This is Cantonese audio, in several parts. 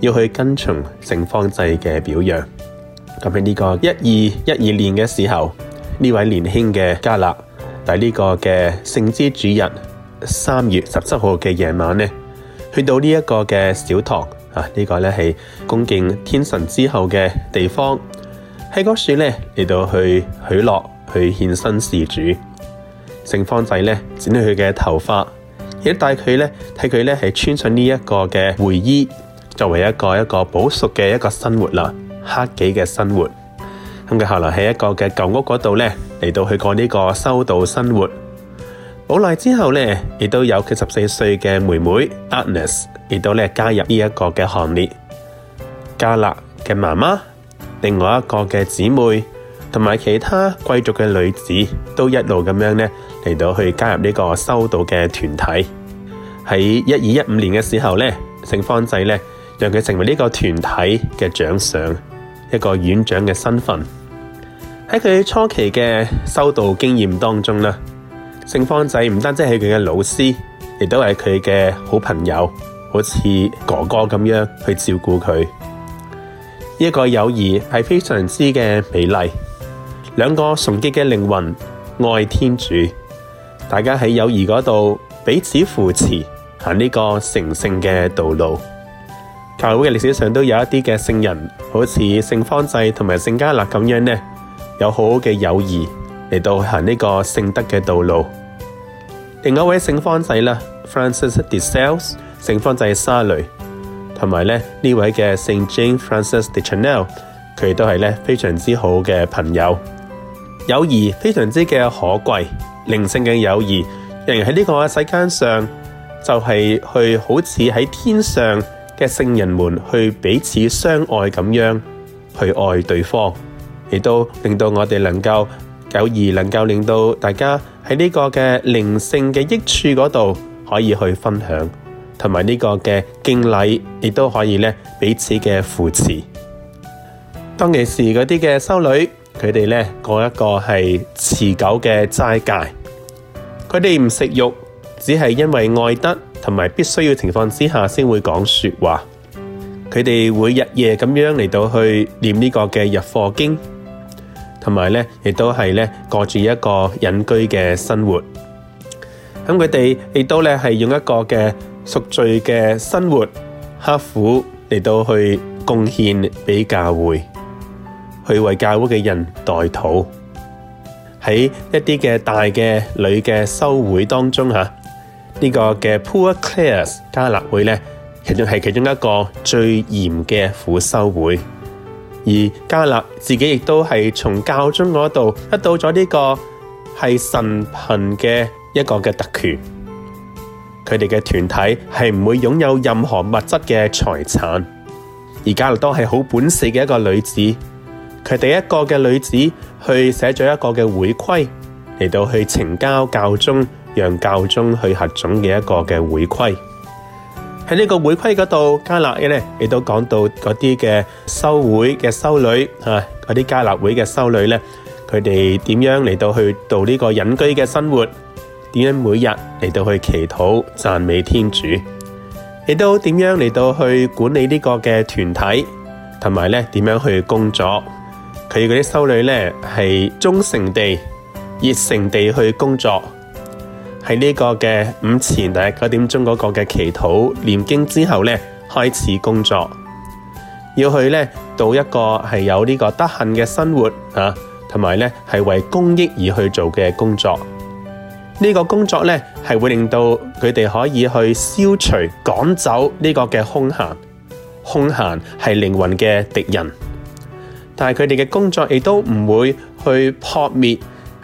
要去跟從聖方濟嘅表揚。咁喺呢個一二一二年嘅時候，呢位年輕嘅嘉勒喺呢個嘅聖枝主日三月十七號嘅夜晚呢，去到呢一個嘅小堂啊，呢、呢個呢係恭敬天神之後嘅地方，喺嗰裏呢，嚟到去許諾去獻身事主。聖方濟呢剪咗佢嘅頭髮，亦帶帶佢咧，替佢咧係穿上呢一個嘅會衣。作為一個一個補贖嘅一個生活啦，克己嘅生活。咁佢後來喺一個嘅舊屋嗰度咧，嚟到去過呢個修道生活。冇耐之後咧，亦都有佢十四歲嘅妹妹 Agnes，亦都咧加入呢一個嘅行列。嘉勒嘅媽媽，另外一個嘅姊妹，同埋其他貴族嘅女子，都一路咁樣咧嚟到去加入呢個修道嘅團體。喺一二一五年嘅時候咧，聖方濟咧。讓他成為這個團體的長上，一個院長的身份。在他初期的修道經驗當中啦，聖方濟唔單止係佢嘅老師，也都是他的好朋友，好像哥哥這樣去照顧他。這個友誼是非常之嘅美麗，兩個純潔的靈魂愛天主，大家在友誼那裏彼此扶持，行這個成聖的道路。教會嘅歷史上都有一啲嘅聖人，好似聖方濟同埋聖嘉勒咁樣呢，有好好嘅友誼嚟到行呢個聖德嘅道路。另外一位聖方濟啦，Francis de Sales，聖方濟沙雷，同埋咧呢位嘅聖 Jane Francis de Chanel，佢都係呢非常之好嘅朋友。友誼非常之嘅可貴，靈性嘅友誼仍然喺呢個世間上就係、是、去好似喺天上。嘅聖人們去彼此相愛咁樣去愛對方，亦都令到我哋能夠友誼，能夠令到大家喺呢個嘅靈性嘅益處嗰度可以去分享，同埋呢個嘅敬禮，亦都可以咧彼此嘅扶持。當其時嗰啲嘅修女，佢哋咧過一個係持久嘅齋戒，佢哋唔食肉，只係因為愛德。同埋必須要情況之下先會講説話，佢哋會日夜咁樣嚟到去念呢個嘅日課經，同埋咧亦都係咧過住一個隱居嘅生活。咁佢哋亦都咧係用一個嘅贖罪嘅生活，刻苦嚟到去貢獻俾教會，去為教會嘅人代禱。喺一啲嘅大嘅女嘅修會當中嚇。呢個嘅 Poor Clares 嘉勒會咧，其實係其中一個最嚴嘅苦修會，而嘉勒自己亦都係從教宗嗰度得到咗呢個係神貧嘅一個嘅特權，佢哋嘅團體係唔會擁有任何物質嘅財產，而嘉勒都係好本事嘅一個女子，佢第一個嘅女子去寫咗一個嘅會規嚟到去呈交教宗。讓教宗去核准嘅一個嘅會規，喺呢個會規嗰度嘉勒嘅咧，亦都講到嗰啲嘅修會嘅修女吓，嗰啲嘉勒會嘅修女咧，佢哋點樣嚟到去度呢個隱居嘅生活？點樣每日嚟到去祈禱讚美天主？亦都點樣嚟到去管理呢個嘅團體，同埋咧點樣去工作？佢嗰啲修女咧係忠誠地、熱誠地去工作。喺呢個嘅午前第一九點鐘嗰個嘅祈禱念經之後咧，開始工作，要去咧到一個係有、啊、有呢個德行嘅生活吓，同埋咧係為公益而去做嘅工作。呢、這個工作咧係會令到佢哋可以去消除、趕走呢個嘅空閒。空閒係靈魂嘅敵人，但係佢哋嘅工作亦都唔會去撲滅。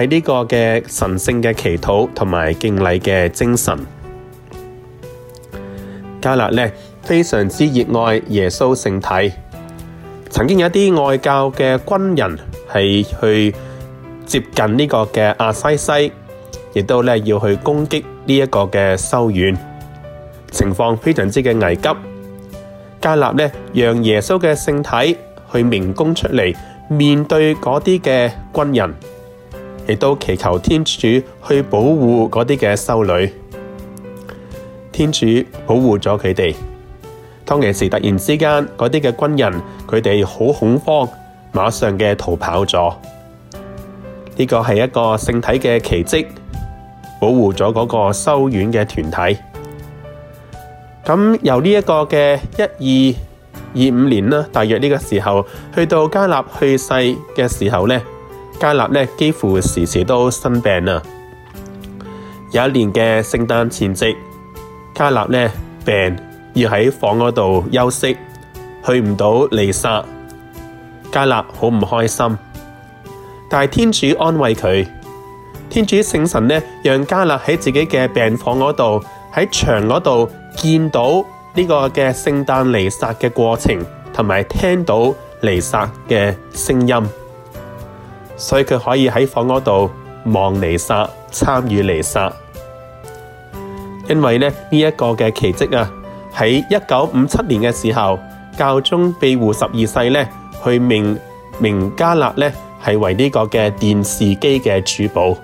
喺呢個嘅神聖嘅祈禱同埋敬禮嘅精神，嘉勒咧非常之熱愛耶穌聖體。曾經有一啲外教嘅軍人係去接近呢個嘅阿西西，亦都咧要去攻擊呢一個嘅修院，情況非常之嘅危急。嘉勒咧讓耶穌嘅聖體去明供出嚟面對嗰啲嘅軍人。亦都祈求天主去保護嗰啲嘅修女，天主保護咗佢哋。當其時突然之間，嗰啲嘅軍人佢哋好恐慌，馬上嘅逃跑咗。呢個係一個聖體嘅奇蹟，保護咗嗰個修院嘅團體。咁由呢一個嘅一二二五年啦，大約呢個時候去到嘉勒去世嘅時候咧。嘉勒咧幾乎時時都生病啊！有一年嘅聖誕前夕，嘉勒咧病，要喺房嗰度休息，去唔到彌撒。嘉勒好唔開心，但係天主安慰佢，天主聖神呢，讓嘉勒喺自己嘅病房嗰度，喺牆嗰度見到呢個嘅聖誕彌撒嘅過程，同埋聽到彌撒嘅聲音。所以佢可以喺房嗰度望彌撒，參與彌撒，因為咧呢一、這個嘅奇跡啊，喺一九五七年嘅時候，教宗庇護十二世呢去命名嘉勒呢係為呢個嘅電視機嘅主保，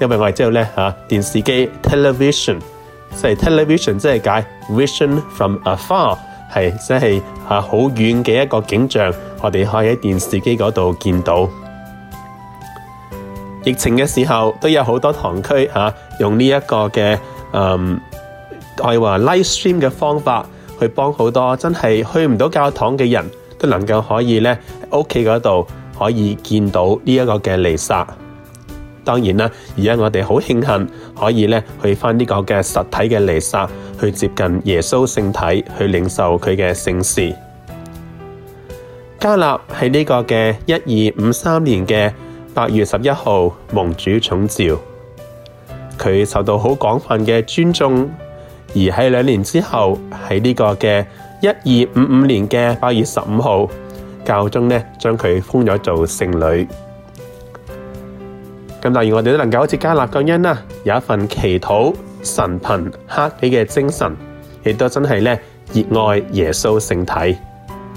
因為我哋知道咧嚇、啊、電視機 television，即係 television，即係解 vision from afar，係即係好遠嘅一個景象，我哋可以喺電視機嗰度見到。疫情嘅時候都有好多堂區吓、啊，用呢一個嘅嗯的的可以話 live stream 嘅方法去幫好多真係去唔到教堂嘅人都能夠可以喺屋企嗰度可以見到呢一個嘅彌撒。當然啦，而家我哋好慶幸可以咧去返呢個嘅實體嘅彌撒，去接近耶穌聖體，去領受佢嘅聖事。嘉勒喺呢個嘅一二五三年嘅。八月十一號，蒙主寵召，佢受到好廣泛嘅尊重，而喺兩年之後，喺呢個嘅一二五五年嘅八月十五號，教宗呢將佢封咗做聖女。咁當然我哋都能夠好似嘉勒咁樣啦，有一份祈禱、神貧、克己嘅精神，亦都真係咧熱愛耶穌聖體，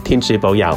天主保佑。